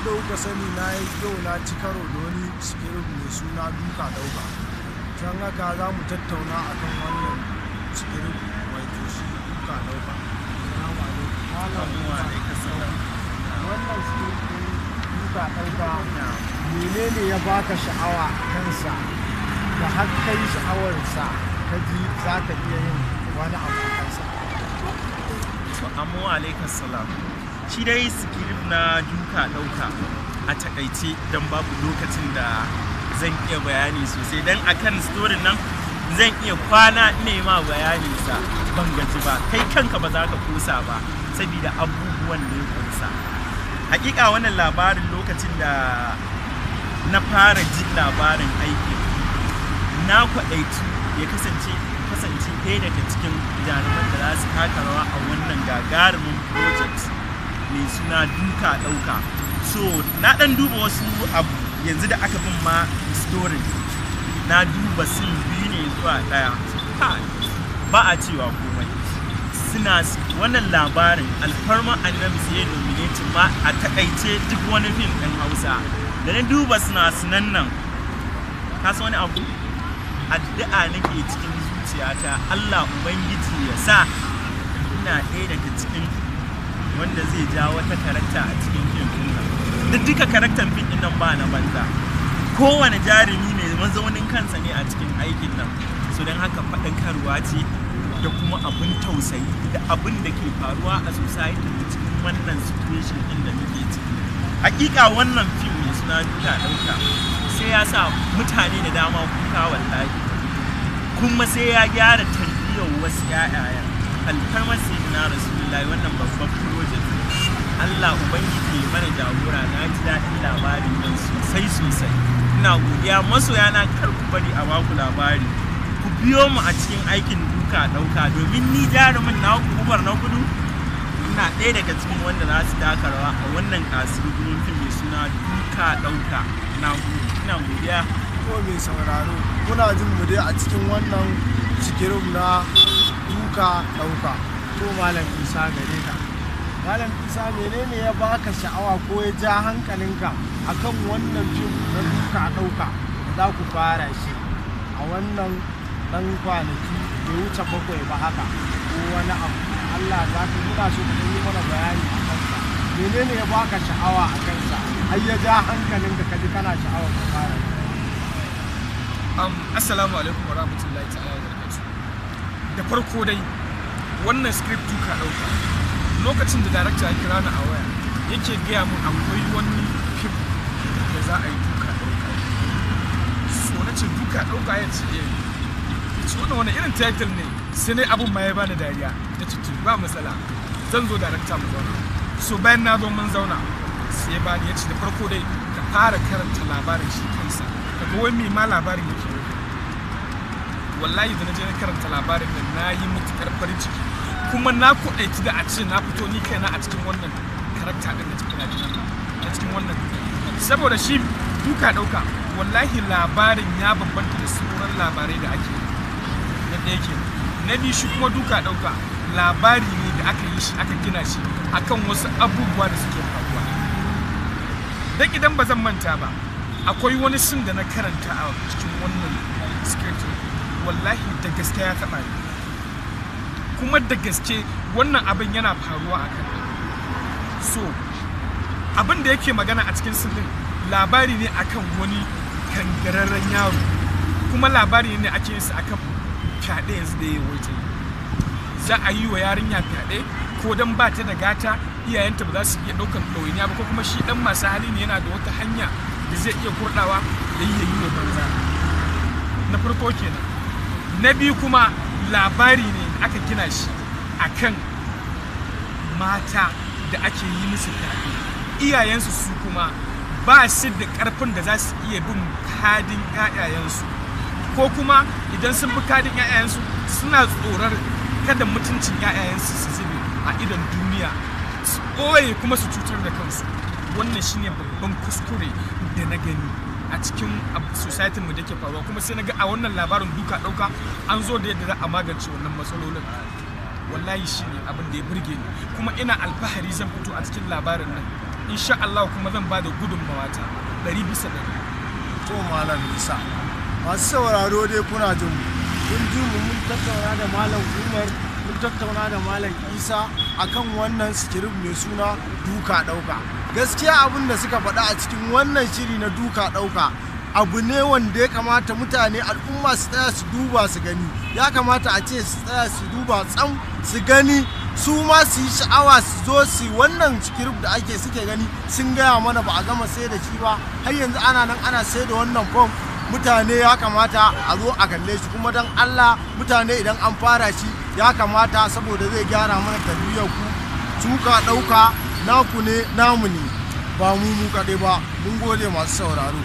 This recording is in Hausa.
yadda kuka sani na yi yau na ci karo da wani sikirin mai suna duka dauka can haka za mu tattauna akan wannan sikirin mai toshi duka dauka wannan sikirin duka dauka menene ya baka sha'awa a kansa da har kai sa, ka ji za ka iya yin wani abu kansa. Amma shi dai skill na duka ɗauka a takaice don babu lokacin da zan iya bayani sosai don akan storin nan zan iya kwana nema bayani sa ban gaji ba kai kanka ba za ka kusa ba saboda abubuwan da ya hakika wannan labarin lokacin da na fara jin labarin aiki na kwadaitu ya kasance kasance kai daga cikin jaruman da za su taka rawa a wannan gagarumin project mai suna duka ɗauka so na ɗan duba wasu abu yanzu da aka bin ma story na duba sun biyu ne zuwa ɗaya ba a cewa komai suna wannan labarin alfarma annabi sai ya nominate ma a takaice duk wani fim ɗin hausa da na duba suna sunan nan kasu wani abu addu'a nake cikin zuciyata allah ubangiji ya sa ina ɗaya daga cikin wanda zai ja wata karakta a cikin fim din nan duk duka karaktan fim din nan ba na banza kowane jarumi ne mazaunin kansa ne a cikin aikin nan so don haka karuwa ce da kuma abin tausayi da abin da ke faruwa a society da cikin wannan situation din da muke ciki hakika wannan fim mai suna duka ɗauka sai ya sa mutane da dama kuka wallahi kuma sai ya gyara tarbiyyar wasu 'ya'ya alfarmar na rasulullahi wannan babban Allah ubangiji mana jagora na ji daɗin labarin nan sosai sosai ina godiya masoya na kar ku bari a baku labari ku biyo mu a cikin aikin duka ɗauka domin ni jarumin na kubar na gudu ina ɗaya daga cikin wanda za su taka rawa a wannan kasirin fim mai suna duka ɗauka ina godiya ko mai sauraro kuna jin mu dai a cikin wannan cikirin na duka ɗauka ko malam isa gare ka malam isa menene ya baka sha'awa ko ya ja hankalinka akan wannan fim na duka ɗauka za ku fara shi a wannan dan kwanaki da wuce bakwai ba haka ko wani abu allah za ka muna so da yi mana bayani a kansa menene ya baka sha'awa a kansa ai ya ja hankalinka kaji kana sha'awa ka fara um, assalamu alaikum wa rahmatullahi ta'ala wa barakatuh da farko dai wannan script duka ɗauka lokacin da darakta ya kira ni a waya yake gaya mun akwai wani fim da za a yi duka ɗauka so na ce duka ɗauka ya ce iya eh. yi ce wannan wani irin title ne sai ne abun ma ya bani dariya ta cutu ba matsala zan zo darakta mu zauna so bayan na zo mun zauna sai ya bani ya ce da farko dai ka fara karanta labarin shi kansa daga wai mai ma labarin yake wallahi da na je na karanta labarin nan na yi mutukar farin ciki kuma na kuɗaici da a ce na fito ni kaina a cikin wannan karakta ɗin da cikin a cikin wannan saboda shi duka ɗauka wallahi labarin ya bambanta da sauran labarai da ake na ɗaya ke na biyu shi kuma duka ɗauka labari ne da aka yi shi aka gina shi akan wasu abubuwa da suke faruwa da idan ba zan manta ba akwai wani sin da na karanta a cikin wannan script wallahi da gaskiya ya taɓa ni kuma da gaske wannan abin yana faruwa a kan so abin da yake magana a cikin sirrin labari ne akan wani kangararren yaro kuma labari ne ake yin su akan fyaɗe yanzu da ya yi za a yi wa yarinya fyaɗe ko dan ba ta da gata iyayenta ba za su iya ɗaukar ɗawainiya ba ko kuma shi ɗan masu hali ne yana da wata hanya da zai iya kurɗawa da yi yi wa banza na farko kenan na biyu kuma labari ne aka gina shi akan mata da ake yi musu fyaɗe iyayensu su kuma ba su da ƙarfin da za su iya bin kadin ƴaƴayensu, ko kuma idan sun bi kadin ƴaƴayensu, suna tsorar kada mutuncin ƴaƴayensu su zube a idon duniya su ɓoye kuma su cutar da kansu wannan shine babban kuskure da na gani a cikin society mu da ke faruwa kuma sai na ga a wannan labarin duka ɗauka an zo da yadda za a magance wannan matsalolin wallahi shi ne abin da ya burge ni kuma ina alfahari zan fito a cikin labarin nan insha Allah kuma zan ba da gudunmawa ta dari bisa to malam nisa masu sauraro dai kuna jin kun ji mu mun tattauna da malam umar mun tattauna da malam isa akan wannan sikirib mai suna duka ɗauka gaskiya abin da suka faɗa a cikin wannan shiri na duka ɗauka abu ne wanda ya kamata mutane al'umma su tsaya su duba su gani ya kamata a ce su tsaya su duba tsam su gani su ma su yi sha'awa su zo su wannan script da ake suke gani sun gaya mana ba a gama sai da shi ba har yanzu ana nan ana sai da wannan fom mutane ya kamata a zo a kalle shi kuma don allah mutane idan an fara shi ya kamata saboda zai gyara mana tarbiyyar ku tuka ɗauka naku ne namu ne ba mu mu kaɗai ba mun gode masu sauraro